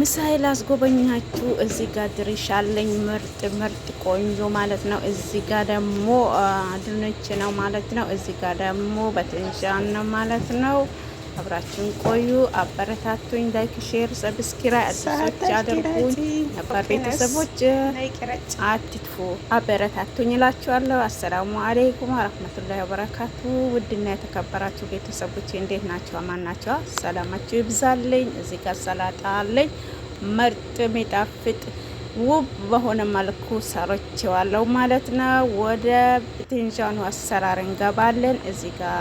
ምሳሌ ላስጎበኛችሁ እዚህ ጋር አለኝ ምርጥ ምርጥ ቆንጆ ማለት ነው። እዚህ ጋር ደግሞ ድንች ነው ማለት ነው። እዚህ ጋር ደግሞ በትንጃን ነው ማለት ነው። አብራችን ቆዩ፣ አበረታቱኝ። ላይክ፣ ሼር፣ ሰብስክራይብ አዲሶች አድርጉኝ። ነባር ቤተሰቦች አትጥፉ፣ አበረታቱኝ እላችኋለሁ። አሰላሙ አሌይኩም ወረህመቱላሂ ወበረካቱ። ውድና የተከበራችሁ ቤተሰቦች እንዴት ናቸው? አማን ናቸው? ሰላማችሁ ይብዛልኝ። እዚህ ጋር ሰላጣ አለኝ ምርጥ የሚጣፍጥ ውብ በሆነ መልኩ ሰርቼዋለሁ ማለት ነው። ወደ ብትንዣኑ አሰራር እንገባለን እዚህ ጋር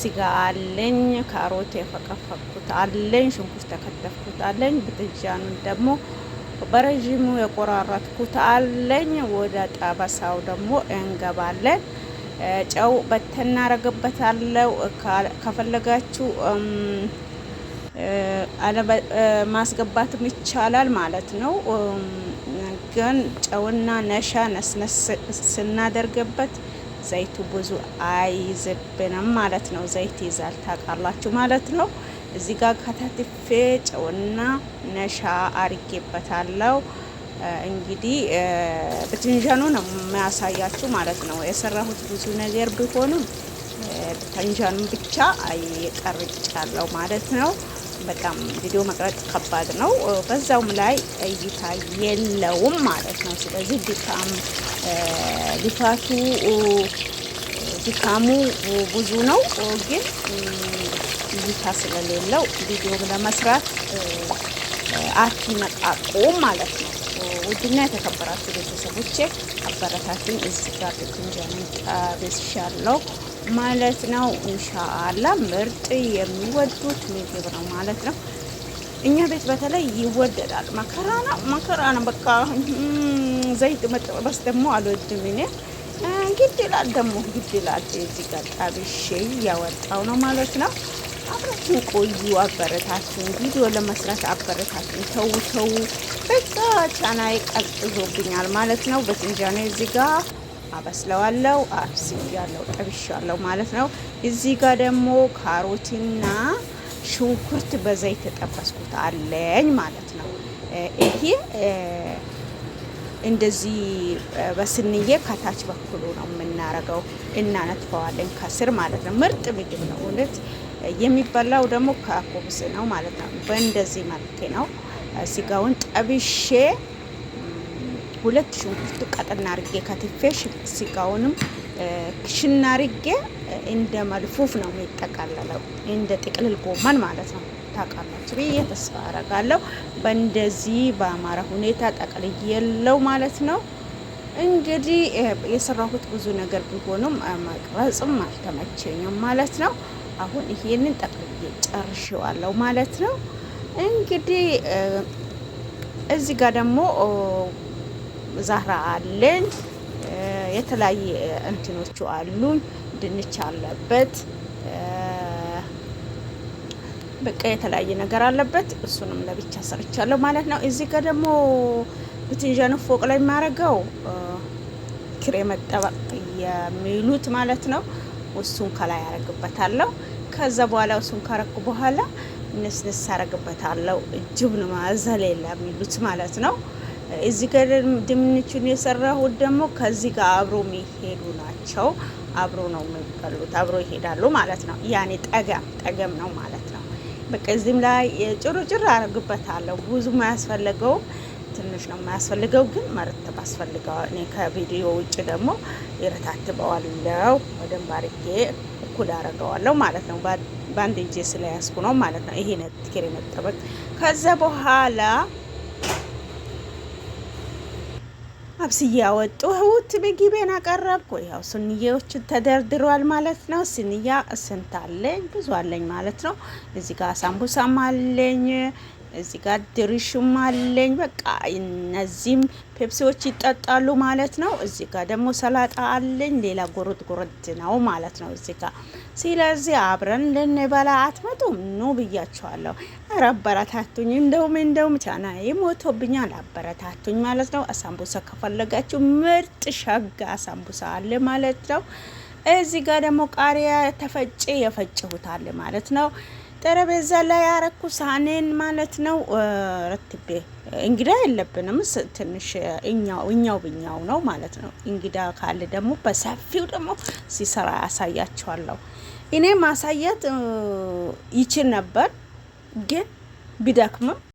ስጋ አለኝ፣ ካሮት የፈቀፈኩት አለኝ፣ ሽንኩርት ተከተፍኩት አለኝ፣ ብትጃኑን ደግሞ በረዥሙ የቆራረጥኩት አለኝ። ወደ ጠበሳው ደግሞ እንገባለን። ጨው አለው። ከፈለጋችሁ ማስገባትም ይቻላል ማለት ነው። ግን ጨውና ነሻ ነስነስ ስናደርግበት ዘይቱ ብዙ አይዝብንም ማለት ነው። ዘይት ይዛል ታውቃላችሁ ማለት ነው። እዚህ ጋር ከታትፌ ጨውና ነሻ አርጌበታለሁ። እንግዲህ ብትንጃኑ ነው የሚያሳያችሁ ማለት ነው። የሰራሁት ብዙ ነገር ቢሆንም በትንዣኑ ብቻ ቀርጫለሁ ማለት ነው። በጣም ቪዲዮ መቅረጥ ከባድ ነው። በዛውም ላይ እይታ የለውም ማለት ነው። ስለዚህ ድካም ልፋቱ ድካሙ ብዙ ነው፣ ግን እይታ ስለሌለው ቪዲዮ ለመስራት አትነቃቁም ማለት ነው። ውድና የተከበራችሁ ቤተሰቦቼ አበረታቱኝ። እዚህ ጋር ብኩንጃንን ጣቤስሻለሁ ማለት ነው። እንሻአላ ምርጥ የሚወዱት ምግብ ነው ማለት ነው። እኛ ቤት በተለይ ይወደዳል። መከራ ነው በቃ ዘይት መጠበስ ደግሞ አልወድም እኔ ግድ ይላል ደግሞ ግድ ይላል። እዚህ ጋር ጣብሼ እያወጣው ነው ማለት ነው። አብራችን ቆዩ፣ አበረታችን ቪዲዮ ለመስራት አበረታችን። ተው ተው በቃ ቻናዬ ቀልጥዞብኛል ማለት ነው። በትንጃኔ እዚህ ጋር አበስለዋለው አብስል ያለው ጠብሽ ያለው ማለት ነው። እዚህ ጋር ደግሞ ካሮትና ሽንኩርት በዘይት ተጠበስኩት አለኝ ማለት ነው። ይሄ እንደዚህ በስንዬ ከታች በኩሉ ነው የምናረገው። እናነጥፈዋለን ከስር ማለት ነው። ምርጥ ምግብ ነው እውነት። የሚበላው ደግሞ ከኮብስ ነው ማለት ነው። በእንደዚህ መልክ ነው። ስጋውን ጠብሼ ሁለት ሽንኩርት ቀጥና አርጌ ከትፌ ስጋውንም ክሽና አርጌ እንደ መልፉፍ ነው የሚጠቃለለው፣ እንደ ጥቅልል ጎመን ማለት ነው። ታውቃላችሁ ብዬ ተስፋ አረጋለሁ። በእንደዚህ በአማራ ሁኔታ ጠቅልዬ የለው ማለት ነው። እንግዲህ የሰራሁት ብዙ ነገር ቢሆኑም መቅረጽም አልተመቸኝም ማለት ነው። አሁን ይሄንን ጠቅልዬ ጨርሼዋለሁ ማለት ነው። እንግዲህ እዚህ ጋር ደግሞ ዛህራ አለን። የተለያየ እንትኖቹ አሉኝ። ድንች አለበት፣ በቃ የተለያየ ነገር አለበት። እሱንም ለብቻ ሰርቻለሁ ማለት ነው። እዚህ ጋር ደግሞ ብትንዣን ፎቅ ላይ የማረገው ክሬም መጠበቅ የሚሉት ማለት ነው። እሱን ከላይ ያደርግበታለሁ። ከዛ በኋላ እሱን ካረኩ በኋላ ንስንስ አደርግበታለሁ። እጅብን ማዘል የለ የሚሉት ማለት ነው። እዚህ ጋር ድንቹን የሰራሁት ደግሞ ከዚህ ጋር አብሮ የሚሄዱ ናቸው። አብሮ ነው የሚበሉት፣ አብሮ ይሄዳሉ ማለት ነው። ያኔ ጠገም ጠገም ነው ማለት ነው። በቃ እዚህም ላይ ጭሩ ጭሩጭር አደርግበታለሁ። ብዙ አያስፈልገውም፣ ትንሽ ነው የማያስፈልገው፣ ግን መረተብ አስፈልገዋል። እኔ ከቪዲዮ ውጭ ደግሞ ይረታትበዋለሁ፣ በደንብ አድርጌ እኩል አደርገዋለሁ ማለት ነው። በአንድ እጄ ስለያዝኩ ነው ማለት ነው። ይሄ ነጥብ ከዛ በኋላ አብስዬ ወጡ። ህውት ምግቤን አቀረብኩ። ያው ስንዬዎች ተደርድሯል ማለት ነው። ስንያ ስንታለኝ ብዙ አለኝ ማለት ነው። እዚህ ጋር ሳምቡሳም አለኝ እዚህ ጋር ድርሽም አለኝ። በቃ እነዚህም ፔፕሲዎች ይጠጣሉ ማለት ነው። እዚህ ጋር ደግሞ ሰላጣ አለኝ። ሌላ ጎረድ ጎረድ ነው ማለት ነው እዚህ ጋር። ስለዚህ አብረን ልንበላ አትመጡም? ኑ ብያቸዋለሁ። ኧረ አበረታቱኝ። እንደውም እንደውም ቻና ይሞቶብኛል። አበረታቱኝ ማለት ነው። አሳምቡሳ ከፈለጋችሁ ምርጥ ሸጋ አሳምቡሳ አለ ማለት ነው። እዚህ ጋር ደግሞ ቃሪያ ተፈጭ የፈጭሁታል ማለት ነው። ጠረጴዛ ላይ ያረኩ ሳህኔን ማለት ነው ረትቤ። እንግዳ የለብንም ትንሽ እኛው እኛው ብኛው ነው ማለት ነው። እንግዳ ካለ ደግሞ በሰፊው ደግሞ ሲሰራ ያሳያቸዋለሁ። እኔ ማሳየት ይችል ነበር ግን ቢደክምም